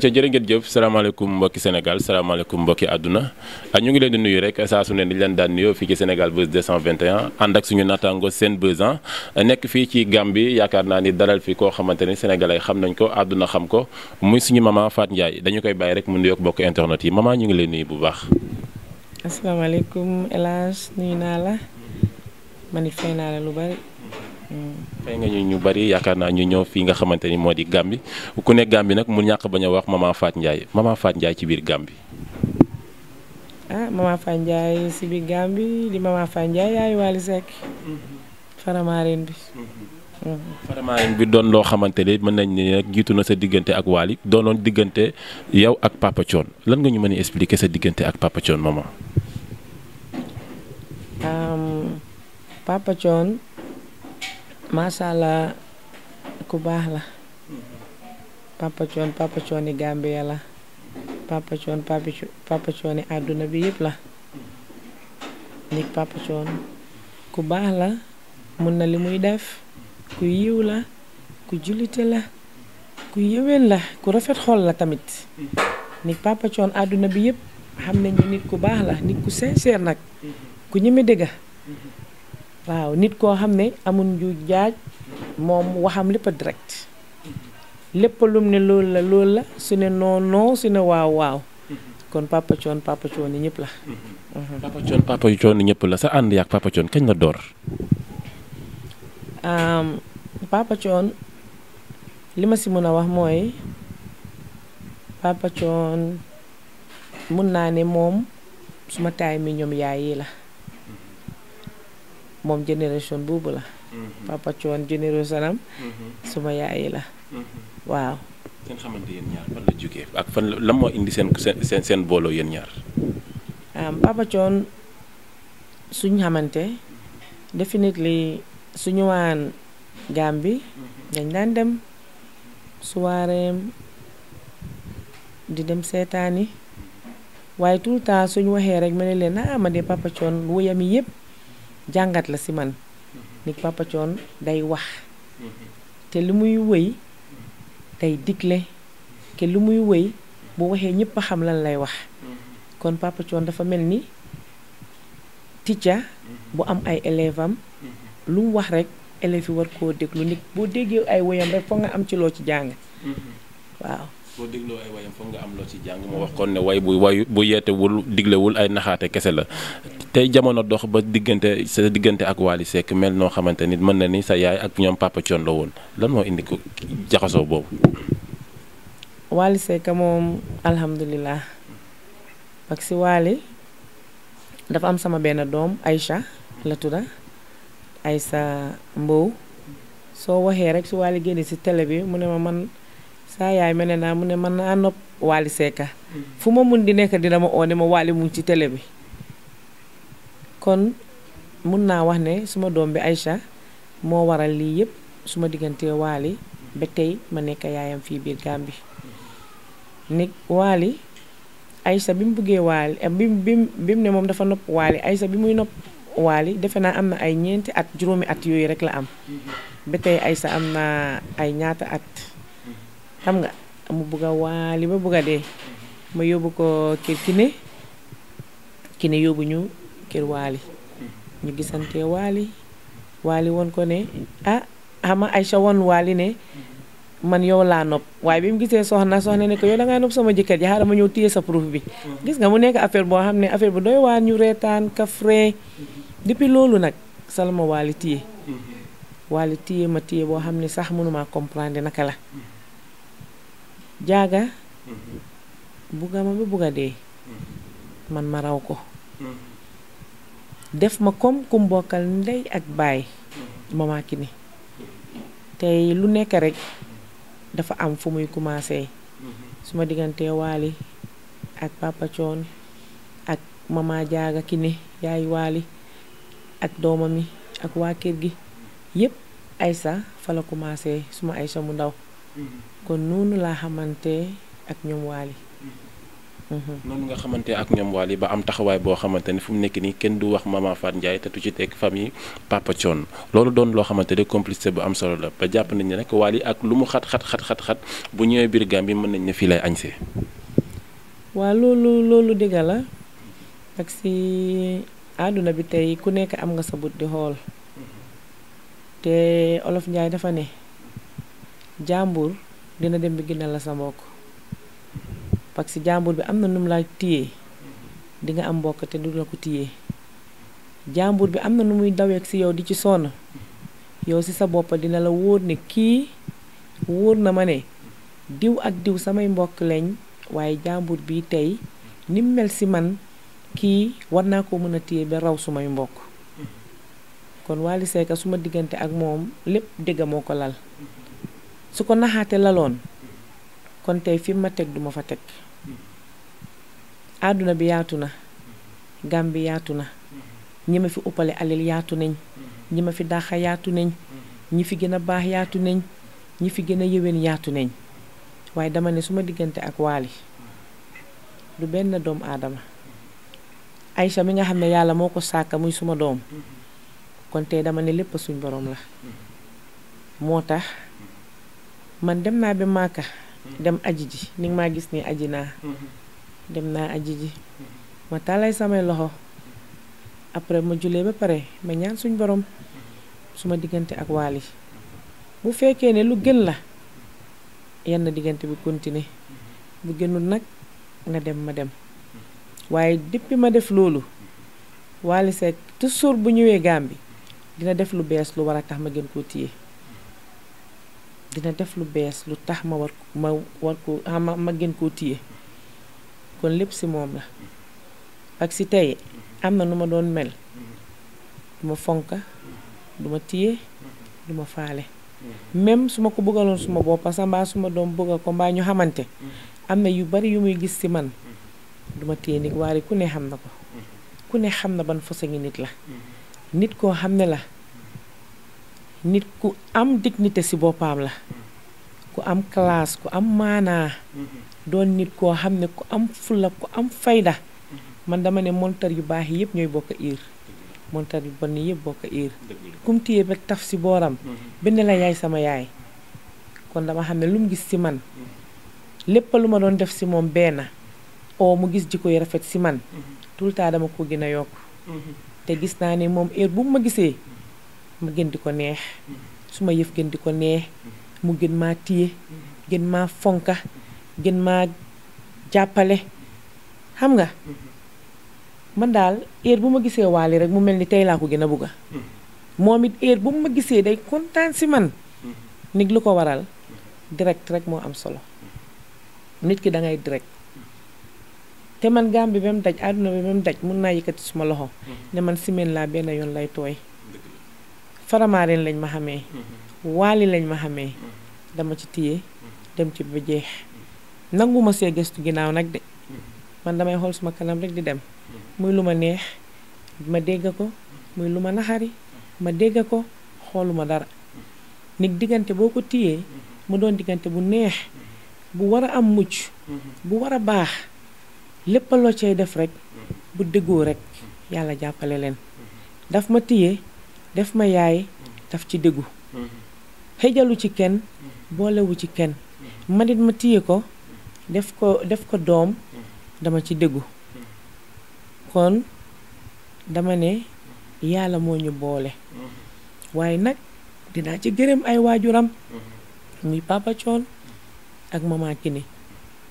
ca jërë ngeen jëf salaamaaleykum mbokki Sénégal salaamaaleykum mbokki àdduna ah, ñu ngi leen di nuyu rek saa su ne ni leen daan nuyoo fii ci Sénégal Buzz 221 ànd ak suñu naataango seen buzz ah, nekk fii ci bi yaakaar naa ni daral fi koo xamante ni ay xam nañ ko àdduna xam ko muy suñu mamaa Fatou Ndiaye dañu koy bàyyi rek mu nuyoog mbokk internet yi maman ñu ngi leen nuyu bu baax. asalaamaaleykum xëy nga ñu bari yaakaar naa ñu ñëw fii nga xamante ni moo di Gàmbi ku ne Gàmbi nag mu ñàkk bañ wax Maman Fatou Ndiaye Maman Fatou Ndiaye ci biir Gàmbi. ah Maman Fatou Ndiaye mm-hmm. mm-hmm. Mm-hmm. bi. doon loo xamante ne mën nañ ne nag jiitu na sa diggante ak Wally doonoon diggante yow ak Papa Thione lan nga ñu mën a expliquer sa diggante ak Papa Thione maman. Um, Papa Thione macha allah ku baax la papa coon papa cooni Gambia la papa coon papa cooni àdduna bi yëpp la nit papa coon ku baax la mun na li muy def ku yiw la ku jullite la ku yëwén la ku rafet xool la tamit nit papa coon àdduna bi yëpp xam nañu nit ku baax la nit ku sincère nag ku ñeme dëgga waaw nit koo xam ne amul ju jaaj moom waxam lépp a direct lépp lum ne loolu la loolu la su ne non non su ne waaw waaw kon papa coon papa coon yi ñëpp la. papa coon ñëpp la sa ànd yaak papa coon kañ la door. papa coon li ma si mën a wax mooy papa coon mun naa ne moom suma taay mi ñoom yaay yi la. moom génération boobu la. Mm-hmm. papa Thione génération am. Mm-hmm. yaay la. Mm-hmm. waaw. seen xamante yéen ñaar fan la moo indi seen seen seen booloo yéen ñaar. Um, papa Thione suñ xamante definitely waan ñëwaan bi dañ daan dem soiréem di dem seetaani waaye tout le temps suñ waxee rek ma ne leen ah ma de papa Thione wóyam yi yëpp. jàngat la si man mm-hmm. ni Papa day wax mm-hmm. te lu muy wëy mm-hmm. day digle te lu muy wëy bu waxee ñëpp xam lan lay wax kon Papa dafa mel ni ticca bu am ay élève lu mu wax rek élèves yi war koo déglu nit boo déggee ay woyam rek foog nga am ci loo ci jàng waaw boo foog nga am loo ci jàng moo wax kon ne way bu wayu bu yeetewul diglewul ay naxaate kese la tey jamono dox ba diggante sa diggante ak Wally Seck mel noo xamante nit mën na ni sa yaay ak ñoom Papa Thione la woon lan moo indi ko jaxasoo boobu. Wally Seck moom alhamdulilah parce que Wally dafa am sama benn doom Aïcha la tudda Aïcha Mbow soo waxee rek si Wally génne si tele bi mu ne ma man saa yaay mene naa mu ne man naa nopp Wally Seck fu ma mun di nekk dina ma oo ma Wally mu ci tele bi. kon mun naa wax ne suma doom bi Aïcha moo waral lii yëpp suma diggante Waly ba tey ma nekk yaayam fii biir Gàmbi ni Waly Aïcha bi mu buggee Waly eh, bi mu ne moom dafa nopp Waly Aïcha bi muy nopp Waly defe naa am na ay ñeenti at juróomi at yooyu rek la am ba tey Aïcha am naa ay ñaata at xam nga mu bugg a Waly ba bugg a dee ma yóbbu ko kër Kiné Kiné yóbbu ñu kër waali ñu gisante waali waali woon ko ne ah xama Aïcha woon waali ne man yow laa nopp waaye bi mu gisee soxna soxna ne ko yow da nopp sama jëkkër ji xaaral ma ñëw téye sa proof bi gis nga mu nekk affaire boo xam ne affaire bu doy waa ñu reetaan kafre depuis loolu nag salma waali téye waali téye ma téye boo xam ne sax mënumaa comprendre naka la jaaga mm-hmm. bugga ma ba bugga dee man ma raw ko mm-hmm. def ma comme ku mbokkal ndey ak baay Mama ni tey lu nekk rekk dafa am fu muy commencé su ma diggantee Waali ak Papa Thione ak Mama Diaga Kiné yaay Waali ak doomam yi ak waa kër gi yépp Aïssa fa la commencé suma Aïssa mu ndaw mm-hmm. kon noonu laa xamante ak ñoom Waali noonu nga xamante ak ñoom Wally ba am taxawaay boo xamante ne fu mu nekk nii kenn du wax maman Fatou Ndiaye te tu ci teg famille Papa Thion loolu doon loo xamante ne complicité bu am solo la ba jàpp nañ ne rek Wally ak lu mu xat xat xat xat xat bu ñëwee biir Gambie mën nañ ne fii lay añsee. loolu loolu dëgg la ak si àdduna bi tey ku nekk am nga sa bët di xool te Olof Ndiaye dafa ne jàmbur dina dem bi gënal la sa mbokk. parce que jàmbur bi am na nu mu la téyee di nga am mbokk te du la ko téyee jàmbur bi am na nu muy daweeg ci yow di ci sonn yow si sa bopp dina la wóor ne kii wóor na ma ne diw ak diw samay mbokk lañ waaye jàmbur bi tey ni mu mel si man kii war naa ko mën a téye ba raw sumay mbokk kon Wally suma diggante ak moom lépp dégg moo ko lal su ko naxaate laloon kon tey fi ma teg duma fa teg àdduna bi yaatu na gàm bi yaatu na ñi ma fi uppale alil yaatu nañ ñi ma fi dàqa yaatu nañ ñi fi gën a baax yaatu nañ ñi fi gën a yéwén yaatu nañ waaye dama ne suma diggante ak waali du benn doomu aadama aysa mi nga xam ne yàlla moo ko sàkka muy suma doom kon tey dama ne lépp suñ boroom la moo tax man dem naa ba Màkka dem aji ji ni maa gis ni aji naa dem naa aji ji ma tàllay samay loxo après ma julee ba pare ma ñaan suñ borom suma diggante ak waali bu fekkee ne lu gën la yenn diggante bi continuer bu gënul nag na dem ma dem waaye depuis ma def loolu waali Seck toujours bu ñëwee bi dina def lu bees lu war a tax ma gën koo téye dina def lu bees lu tax ma war ma war ko ah, ma ma gën koo téye kon lépp si moom la ak ci tey am na nu ma doon mel duma fonka duma téye duma faale même su ma ko bëggaloon suma bopp parce mbaa su doom bëgga ko mbaa ñu xamante am na yu bari yu muy gis ci man duma tiye nit waaye ku ne xam na ko ku ne xam na ban façon ngi nit la nit koo xam ne la nit ku am dignité ci boppam la ku am classe ku am maanaa doon nit koo xam ne ku am fulla ku am fayda man dama ne montar yu baax yi yëpp ñooy bokk iir montar yu bon yëpp bokk iir kum téye ba taf ci booram benn la yaay sama yaay kon dama xam ne lu mu gis ci man lépp lu ma doon def ci moom benn oo mu gis jikko yu rafet ci man tout le temps dama ko gën a yokk te gis naa ne moom heure bu mu ma gisee ma gën di ko neex su ma yëf gën di ko neex mu gën maa téye gën maa fonka gën maa jàppale xam nga man daal heure bu ma gisee waali rek mu mel ni tey laa ko gën a bugga moom it heure bu ma gisee day kontaan si man nit lu ko waral direct rek moo am solo nit ki da ngay direct te man gaam bi ba mu daj àdduna bi ba mu daj mun naa yëkkati suma loxo ne man semaine laa benn yoon lay tooy faramaareen lañ ma xamee mhm. waali lañ ma xamee mhm. dama ci téye mhm. dem ci ba jeex nanguma see gëstu ginnaaw nag de man damay xool suma kanam rek di dem muy lu ma neex ma dégg ko muy lu ma naxari ma dégg ko xooluma dara nit diggante boo ko tiyee mu doon diggante bu neex bu war a am mucc bu war a baax lépp loo cay def rek bu déggoo rek yàlla jàppale leen daf ma téye def ma yaay daf ci déggu xëjalu ci kenn boolewu ci kenn man ma tiye ko def ko def ko doom dama ci déggu kon dama ne yàlla moo ñu boole waaye nag dinaa ci gërëm ay waajuram muy papa coon ak mama ni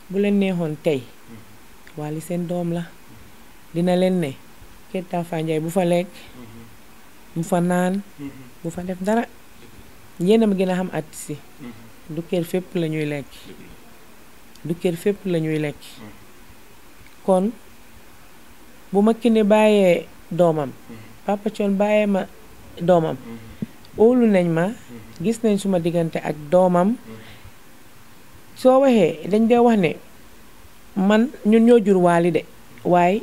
bu leen neexoon tey Wally seen doom la dina leen ne Ketta Fa bu fa lekk mu fa naan bu mm-hmm. fa def dara yéen ma gën a xam artiste yi mm-hmm. du kër fépp la ñuy lekk mm-hmm. du fépp la lekk kon bu ma kii bàyyee doomam Papa Thione bàyyee ma doomam óolu nañ ma gis nañ suma diggante ak doomam soo waxee dañ dee wax ne man ñun ñoo jur waali de waaye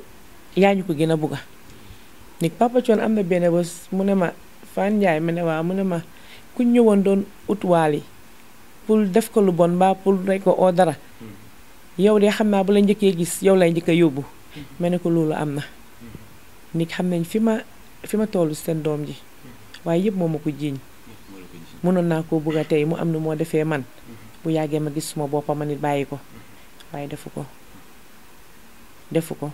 yaa ñu ko gën a bugga ni Papa am na benn bés mu ne ma Fane Ndiaye mu ne waaw mu ne ma ku ñëwoon doon ut pour def ko lu bon mbaa pour rek ko oo dara mm-hmm. yow de xam naa bu la njëkkee gis yow lay njëkk a yóbbu mm-hmm. ma ne ko loolu am na mm-hmm. nit xam nañ fi ma fi ma tollu seen doom ji waaye yëpp moo ma ko jiiñ mënoon naa ko bëgg a tey mu am na moo defee man bu yàggee ma gis suma boppam ma nit bàyyi ko waaye defu ko defu ko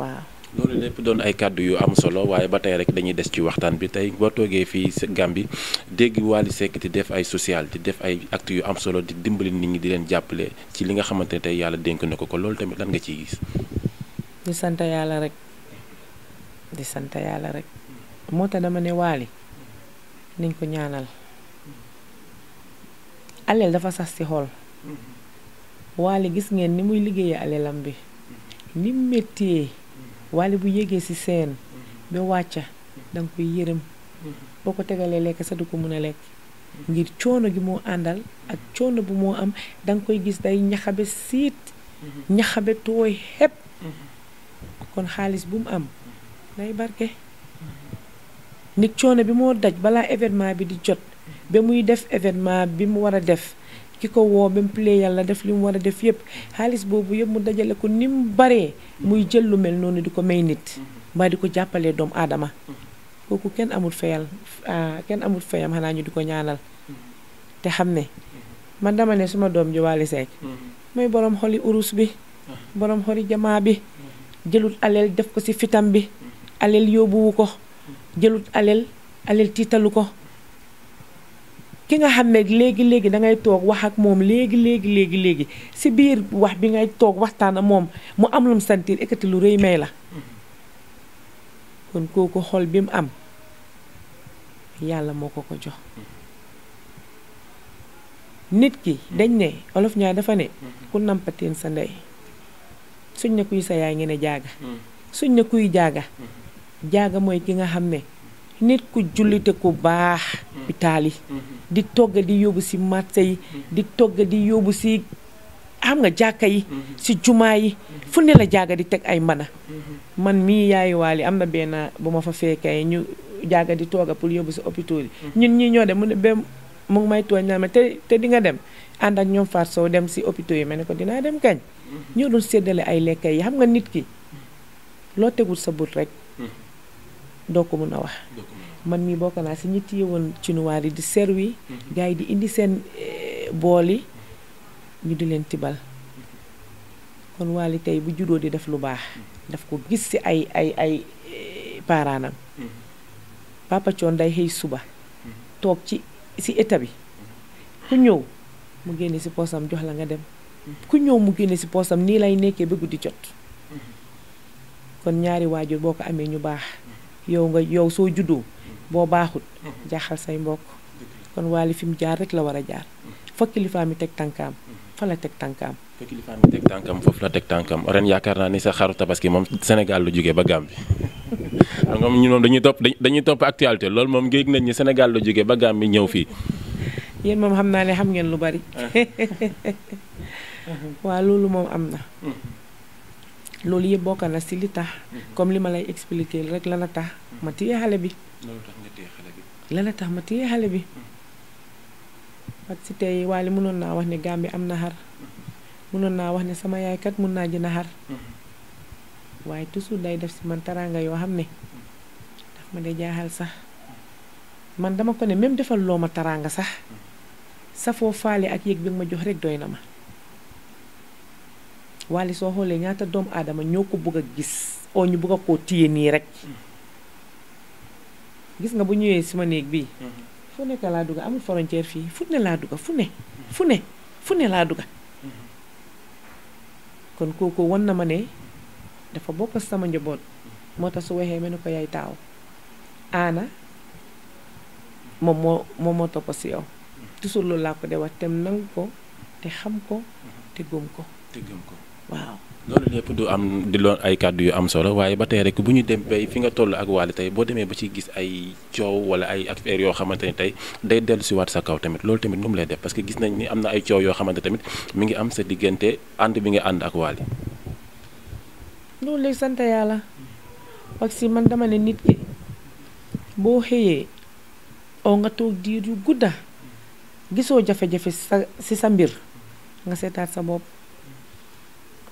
waaw loolu lépp doon ay kàddu yu am solo waaye ba tey rek dañuy des ci waxtaan bi tey boo toogee fii Gàmbi dégg Wally Seck di def ay social di def ay actes yu am solo di dimbali nit ñi di leen jàppale ci li nga xamante ne tey yàlla dénk na ko ko loolu tamit lan nga ciy gis. di sant yàlla rek di sant yàlla rek moo tax dama ne Wally niñ ko ñaanal aleel dafa sas ci xool Wally gis ngeen ni muy liggéeyee alelam bi ni méttiyee wala bu yéegee si seen ba wàcca da nga koy yërëm boo ko tegalee lekk sa du ko mën a lekk ngir coono gi moo àndal ak coono bu moo am danga koy gis day ñaxabe siit ñaxabe tooy xepp kon xaalis bu mu am day barke nit coono bi moo daj balaa événement bi di jot ba muy def événement bi mu war a def ki ko woo même yàlla def li war a def yëpp xaalis boobu yëpp mu dajale ko ni mu baree muy jël lu mel noonu di ko may nit mbaa di ko jàppalee doomu aadama kooku kenn amul fayal ah, kenn amul fayam xanaa ñu di ko ñaanal te xam ne ma dama ne suma doom ji Wally Seck mooy borom xoli urus bi borom xoli jamaa bi jëlut aleel def ko ci fitam bi aleel yóbbuwu ko jëlut aleel aleel tiitalu ko ki nga xam ne léegi léegi da ngay toog wax ak moom léegi léegi léegi léegi si biir wax bi ngay toog waxtaan ak moom mu am lu mu sentir ekkati lu rëy may la kon kooku xol bi mu am yàlla moo ko ko jox nit ki dañ ne olof ñaa dafa ne ku nampateen sa ndey suñ ne kuy sa yaay ngeen ne jaaga suñ ne kuy jaaga jaaga mooy ki nga xam ne nit ku jullite ku baax hôpital mm-hmm. yi mm-hmm. di togg di yóbbu si marché yi mm-hmm. di togg di yóbbu si xam nga jàkka yi si jumaa yi fu ne la jaaga di teg ay mbana man mii yaayuwaal waali am na benn bu ma fa fekkee ñu jaaga di tooga pour yóbbu si hôpital yi ñun ñi ñoo dem mu ne ba mu ngi may tooñ naa ma te te di nga dem ànd ak ñoom Fatou soo dem si hôpital yi ma ne ko dinaa dem kañ ñoo doon séddale ay lekk yi xam nga nit ki loo tegul sa but rek doo ko mën a wax man mii bokk naa si ñi téye woon chinois yi di serwi mhm. gars yi di indi seen eh, bool yi ñu di leen tibal kon Wally tey bu juddoo di def lu baax mhm. daf ko gis ci ay ay ay eh, paaraanam mhm. papa coon day xëy suba toog ci ci état bi ku ñëw mu génne si poosam jox la nga dem ku ñëw mu génne si poosam nii lay nekkee bëggu di jot kon ñaari waajur boo ko amee ñu baax yow nga yow soo juddoo boo baaxut jaaxal say mbokk kon waali fi mu jaar rek la war a jaar fa kilifa mi teg tànkaam fa la teg tànkaam fa kilifa mi teg foofu la teg tànkaam ren yaakaar naa ni sa xaru tabaski moom Sénégal lu jógee ba Gambie moom ñu moom dañuy topp dañuy topp actualité loolu moom géeg nañ ñi Sénégal la jógee ba bi ñëw fii yéen moom xam naa ne xam ngeen lu bari ah. waa loolu moom am na hmm. loolu yëpp bokk na si li tax. Mhm. comme li ma lay expliquer rek lana a tax mhm. ma téye xale bi. loolu tax nga téye xale bi. lan a tax ma téye xale bi. Mhm. parce tey waale mënoon naa wax ne bi am na xar. mënoon naa wax ne sama yaay kat mun naa jënd xar. waaye toujours day def si man taraanga yoo xam ne. daf ma de jaaxal sax. man dama ko ne même defal loo ma taraanga sax. safoo faale ak yëg bi ma jox rek doy na ma. Wally soo xoolee ñaata doomu aadama ñoo ko bugg a gis oo ñu bëgg a koo téye nii rek gis nga bu ñëwee suma néeg bii mm-hmm. fu nekk laa dugga amul frontière fii fu ne laa dugga fu ne fu ne fu ne laa dugga mm-hmm. kon kooku wan na ma ne dafa bokk sama njaboot mm-hmm. moo tax su waxee ma ne ko yaay taaw aana moom moo moo topp si yow toujours loolu laa ko de wax tem nangu ko te xam ko te gëm ko te gëm ko waaw. loolu lépp du am di loon ay kàddu yu am solo waaye ba tey rek bu ñu dem bay fi nga toll ak Wally tey boo demee ba ci gis ay coow wala ay affaire yoo xamante ne tey day dellu si waat sa kaw tamit loolu tamit nu mu lay parce que gis nañ ni am na ay coow yoo xamante tamit mi ngi am sa diggante ànd bi nga ànd ak Wally. loolu léegi sant yàlla parce si man dama nit ki boo xëyee oo nga toog diir yu gudda gisoo jafe-jafe sa si sa mbir nga seetaat sa bopp.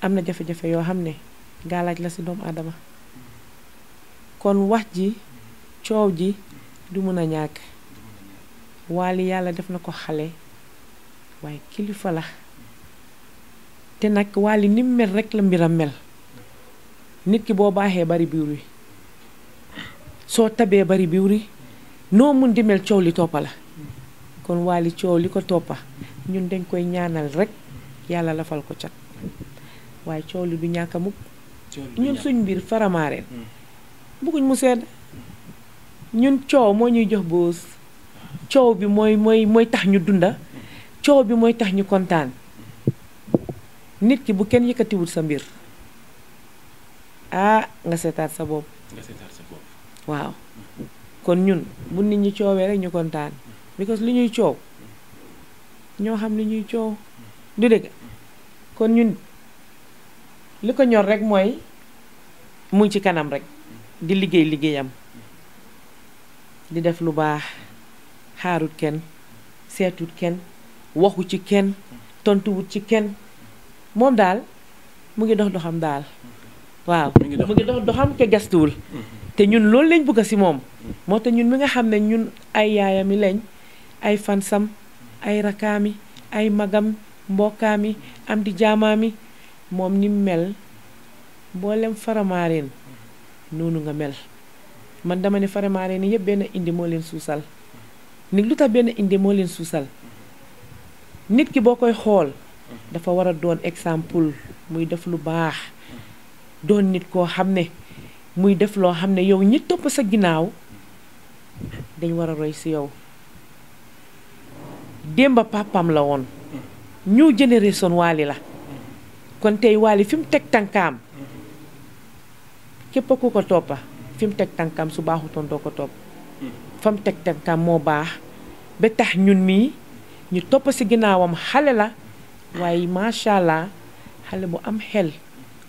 am na jafe-jafe yoo xam ne gaalaaj la ci doomu aadama kon wax ji coow ji du mën a ñàkk waali yàlla def na ko xale waaye kilifa la te nag waali ni mel rekk la mbiram mel nit ki boo baaxee bari biwri soo tabee bari biwri noo mën di mel coow li toppa la kon waali coow li ko toppa ñun dañ koy ñaanal rekk yàlla lafal ko cat waaye coow li du ñàkk mukk ñun suñ mbir faramaareen hmm. bëgguñ mu sedd ñun coow moo ñuy jox boos coow bi mooy mooy tax ñu dunda coow bi mooy tax ñu kontaan nit ki bu kenn yëkkatiwul sa mbir ah nga seetaat sa bopp nga waaw kon ñun bu nit ñi coowee rek ñu kontaan because li ñuy coow ñoo xam li ñuy coow du dëgg kon ñun li ko ñor rek mooy mu ci kanam rekk di liggéey liggéeyam di def lu baax xaarut kenn seetut kenn waxu ci kenn tontuwut ci kenn moom daal mu ngi dox doxam daal waaw mu ngi dox doxam te gastuwul mm-hmm. te ñun loolu lañ bëgg si moom mm-hmm. moo tax ñun mi nga xam ne ñun ay yaayami lañ ay fansam ay rakaami ay magam mbokkaami am di jaamaami moom ni mel mboolem faramaareen noonu nga mel man dama ne faramaareen yëpp benn indi moo leen suusal nit lu tax benn indi moo leen suusal nit ki boo koy xool dafa war a doon exemple muy def lu baax doon nit koo xam ne muy def loo xam ne yow ñi topp sa ginnaaw dañ war a roy si yow démba papam la woon ñu génération waali la kon tey Wally fi mu teg tànkaam képpa ku ko toppa fi teg tànkaam su baaxutoon doo ko topp fa mu teg tànkaam moo baax ba tax ñun mii ñu topp si ginnaawam xale la waaye macha allah xale bu am xel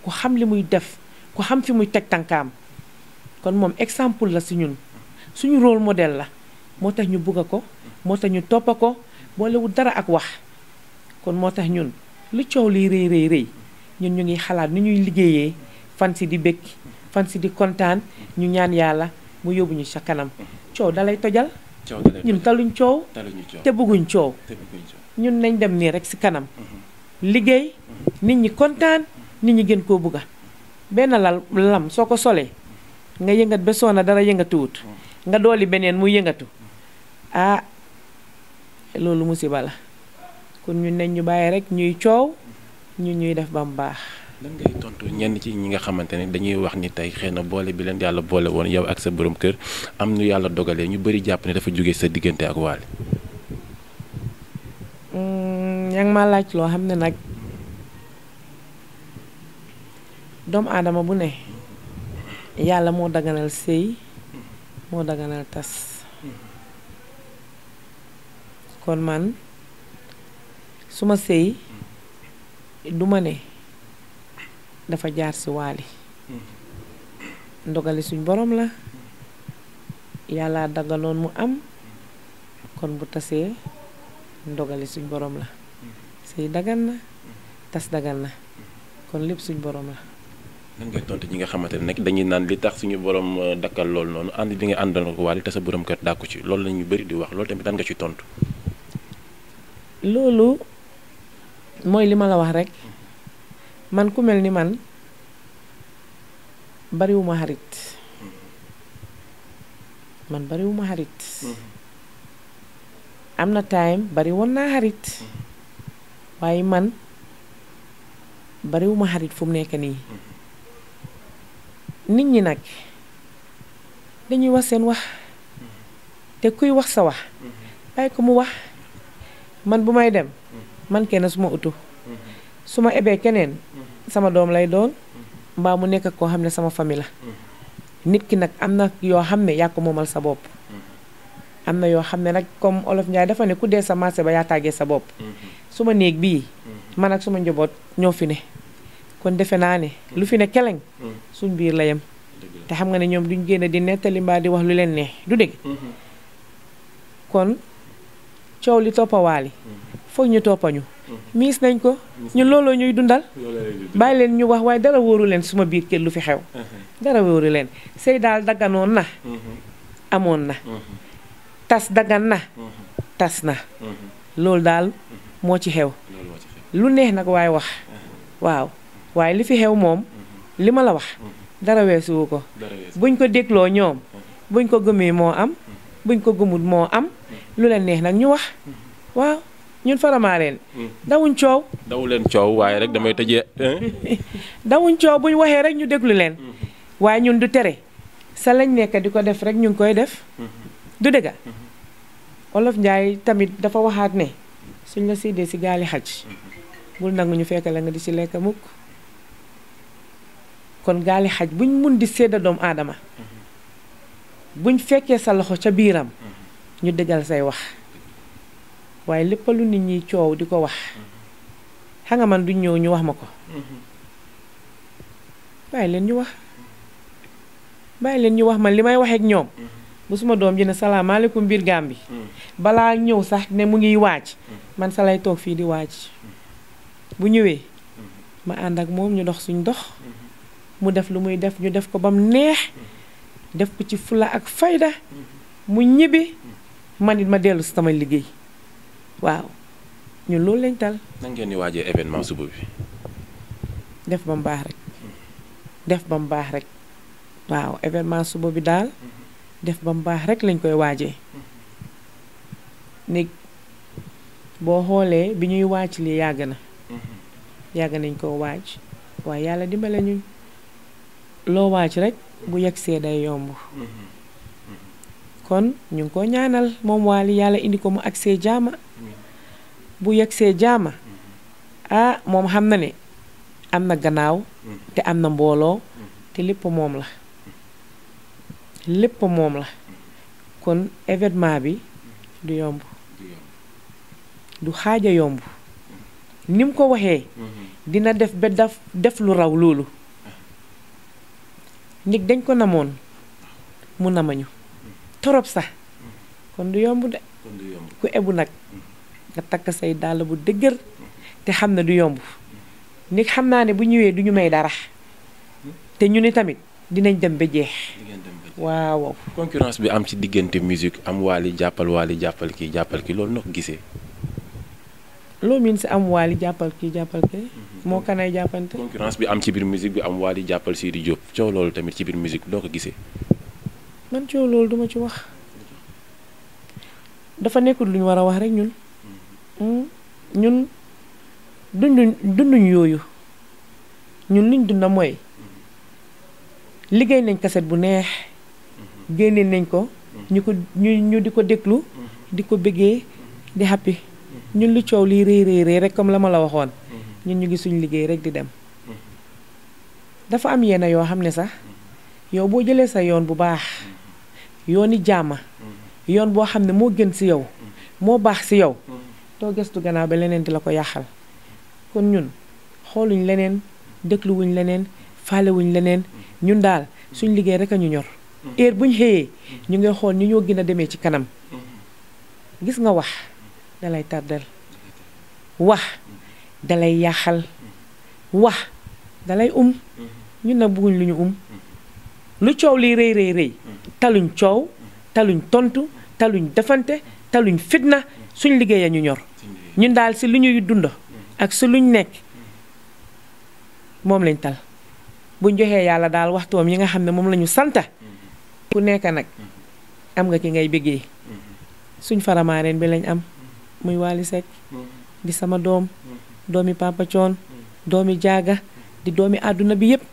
ku xam li muy def ku xam fi muy teg tànkaam kon moom exemple la si ñun suñu rôle modèle la moo tax ñu bugg a ko moo tax ñu topp ko boolewul dara ak wax kon moo tax ñun lu coow lii rëy rëy ñun ñu ngi xalaat nu ñuy liggéeyee fan si di bëgg fan si di kontaan ñu ñaan yàlla mu yóbbu ñu sa kanam coow dalay tojal ñun taluñ coow te bëgguñ coow ñun nañ dem nii rek si kanam mhm. liggéey mhm. nit ñi kontaan nit ñi gën koo bëgga benn lal lam soo ko solee nga yëngat ba soona dara yëngatuwut mhm. nga dooli beneen mu yëngatu ah loolu musiba la kon ñu neñ ñu bàyyi rek ñuy coow ñu ñuy def ba mu baax. lan tontu ñenn ci ñi nga xamante ne dañuy wax ni tey xëy na boole bi leen yàlla boole woon yow ak sa borom kër am nu yàlla dogalee ñu bari jàpp ne dafa jóge sa diggante ak Wally. Mm, yaa laaj loo xam ne nag doomu aadama bu ne yàlla moo daganal sëy moo daganal tas kon man. su ma sëy du ma ne dafa jaar ci waali ndogali suñ borom la yàlla daggaloon mu am kon bu tasee ndogali suñ boroom la sëy dagan na tas dagan na kon lépp suñ borom la nan ngay tontu ñi nga xamante ne nag dañuy naan li tax suñu borom euh, dakkal loolu noonu ànd bi nga àndal ko waali te sa borom kër dàkku ci loolu la ñu bëri di wax loolu tamit daan nga ci tontu loolu mooy li ma la wax rek man ku mel ni man bariwuma xarit man bariwuma xarit am na time bari woon xarit waaye man bariwuma xarit fu mu nekk nii nit ñi nag dañuy wax seen wax te kuy wax sa wax bàyyi ko mu wax man bu may dem man kenn su ma utu mm-hmm. su ma ebee keneen mm-hmm. sama doom lay doon mm-hmm. mbaa mu nekk koo xam ne sama famille la nit ki nag am na yoo xam ne yaa ko moomal sa bopp am na yoo xam ne nag comme olof Ndiaye dafa ne ku dee sa marché ba yaa tàggee sa bopp suma néeg bii man ak suma njaboot ñoo fi ne kon defe naa ne lu fi ne keleng suñ biir la yem te xam nga ne ñoom duñ génn di nettali mbaa di wax lu leen neex du dégg kon coow li toppawaali foog ñu toppañu mhm. miis nañ ko ñu looloo ñuy dundal bàyyi leen ñu wax waaye dara wóoru leen suma biir kër lu fi xew mhm. dara wóoru leen sëy daal dagganoon na mhm. amoon na tas daggan na tas na loolu daal moo ci xew lu neex nag waaye wax waaw waaye li fi xew moom li ma la wax dara weesuwu ko buñ ko dégloo ñoom buñ ko gëmee moo am buñ ko gëmul moo am lu leen neex nag ñu wax waaw ñun Faramareen dawuñ coow. dawu leen coow waaye rek damay tëjee. dawuñ coow buñ waxee rek ñu déglu leen. Mm-hmm. waaye ñun du tere sa lañ nekk di ko def rek ñu ngi koy def. Mm-hmm. du dëgga mm-hmm. Olof Njaay tamit dafa waxaat ne suñ la séddee si gaali xaj. bul nag ñu fekk la nga di ci lekk mukk kon gaali xaj buñ mun di sédda doomu aadama buñ fekkee sa loxo ca biiram ñu dëggal say wax. waaye lépp nit ñi coow di ko wax mm-hmm. xam nga man duñ ñëw ñu wax ma ko mm-hmm. bàyyi leen ñu wax bàyyi leen ñu wax man li may waxeek ñoom mm-hmm. bu suma doom ji ne salaamaaleykum biir Gàmbi balaa ñëw sax ne mu ngiy waaj man sa lay toog fii di waaj bu ñëwee ma ànd ak moom ñu dox suñ dox mu def lu muy def ñu def ko ba mu neex def ko ci fula ak fayda mu ñibbi man it ma dellu si sama liggéey waaw ñun loolu lañ tal. nan ngeen di waajee événement suba bi. def ba mu baax rek. def ba mu baax rek. waaw événement suba bi daal. def ba mu baax rek lañ koy waaje ni boo xoolee bi ñuy waaj lii yàgg na. yàgg nañ koo waaj waaye yàlla dimbale ñu loo waaj rek bu yegg see day yomb. kon ñu ngi ko ñaanal moom Wally yàlla indi ko mu ak see jaama bu yegg see jaama ah moom xam na ne am na gannaaw te am na mbooloo te lépp moom la lépp moom la kon événement bi du yomb du xaaja yomb ni mu ko waxee dina def ba daf def lu raw loolu nit dañ ko namoon mu namañu torop sax kon du yomb de ku ebu nag nga takk say dàll bu dëgër te xam na du yomb nit xam naa ne bu ñëwee duñu may dara te ñu ni tamit dinañ dem ba jeex waaw concurrence bi am ci diggante musique am waali jàppal waali jàppal kii jàppal kii loolu noo ko gisee loo miin si am waali jàppal kii jàppal kii mhm. moo kanay jàppante bi am ci biir musique bi am waali jàppal Sidy Diop coow loolu tamit ci biir musique doo ko gisee man ci loolu duma ci wax dafa nekkul lu ñu war a wax rek ñun hmm? ñun dunduñ dunduñ yooyu ñun liñ dunda mooy liggéey nañ kaset bu neex génnee nañ ko ñu ko ñu ñu di ko déglu di ko bëggee di happy ñun lu coow lii rëy rëy rëy rek comme la ma la waxoon ñun ñu ngi liggéey rek di dem dafa am yenn yoo xam ne sax yow boo jëlee sa yoon bu baax yi jàmma yoon boo xam ne moo gën si yow moo baax si yow doo gannaaw bi leneen di la ko yàqal kon ñun xooluñ leneen dégluwuñ leneen faalewuñ leneen ñun daal suñ liggéey rek a ñu ñor heure buñ xëyee ñu ngay xool ñu ñoo gën a demee ci kanam gis nga wax dalay tàddal wax dalay yàqal wax dalay um ñun na bëgguñ lu ñu um lu coow li rëy rëy rëy taluñ coow taluñ tontu taluñ defante taluñ fitna suñ liggéeyee ñu ñor ñun daal si lu ñuy dund ak si luñ nekk moom lañ tal buñ joxee yàlla daal waxtoom yi nga xam ne moom lañu ñu santa ku nekk nag am nga ki ngay bëggee suñ faramaareen bi lañ am muy Wally di sama doom doomi Papa doomi jaaga di doomi àdduna bi yépp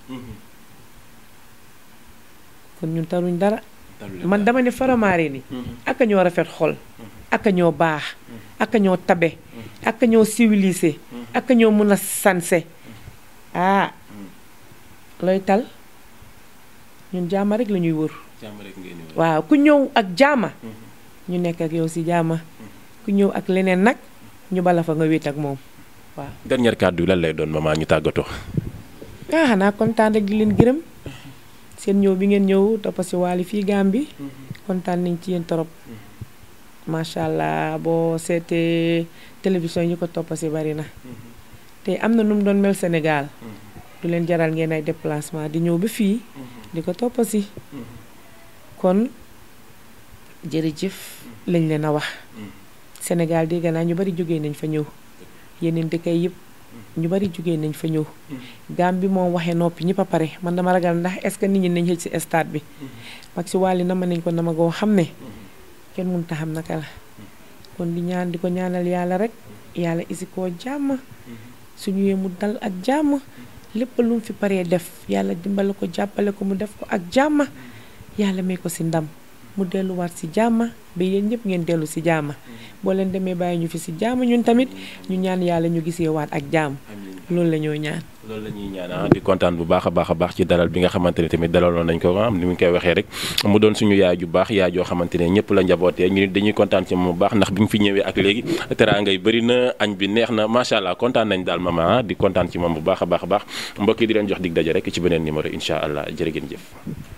kon ñun taruñ dara man dama ne Faramareen yi mm-hmm. ak ñoo rafet xol mm-hmm. ak a ñoo baax mm-hmm. ak a ñoo tabe ak ñoo civilisé ak ñoo mën a sanse ah looy tal ñun jaama rek la wër waaw ku ñëw ak jaama ñu nekk ak yow si jaama ku ñëw ak leneen nag ñu bala fa nga wéet ak moom waaw dernier kàddu lan lay doon maman ñu tàggatoo ah xanaa kontaan rek di leen gërëm seen ñëw bi ngeen ñëw topp si Wally fii Gambie mm-hmm. kontaan nañ ci yéen trop mm-hmm. macha allah boo seetee télévision yi ko topp si bari na mm-hmm. te am na nu mu doon mel Sénégal du leen jaral ngeen ay déplacement di ñëw ba fii di ko topp si kon jërëjëf lañ leen a wax Sénégal dégg naa ñu bari jógee nañ fa ñëw yeneen dëkk yëpp. ñu bari jógee nañ fa ñëw. gaam bi moom waxee noppi ñëpp a pare man dama ragal ndax est-ce que nit ñi nañ xëj si stade bi. parce que wàlli nama nañ ko nama goo xam ne. kenn mënut a xam naka la. kon di ñaan di ko ñaanal yàlla rek yàlla isi koo jàmm. suñu yee mu dal ak jàmm. lépp lu mu fi paree def yàlla dimbale ko jàppale ko mu def ko ak jàmm yàlla may ko si ndam. mu delluwaat si jàmm ba yéen ñëpp ngeen dellu si jàmma boo leen demee bàyyi ñu fi si jàmm ñun tamit ñu ñaan yàlla ñu gisee waat ak jàmm loolu la ñoo ñaan loolu la ñuy ñaan ah, di kontaan bu baax a baax a baax ci dalal bi nga xamante ne tamit dalaloon nañ ko am ah, ni mu koy waxee rek mu doon suñu yaay ju baax yaay joo xamante ne ñëpp la njabootee ñu dañuy kontaan ci moom bu baax ndax bi mu fi ñëwee ak léegi teraanga yi bëri na añ bi neex na macha allah kontaan nañ daal mama ah, di kontaan ci moom baax a baax a baax mbokk yi jox dig daje rek ci beneen numéro incha allah jërë ngeen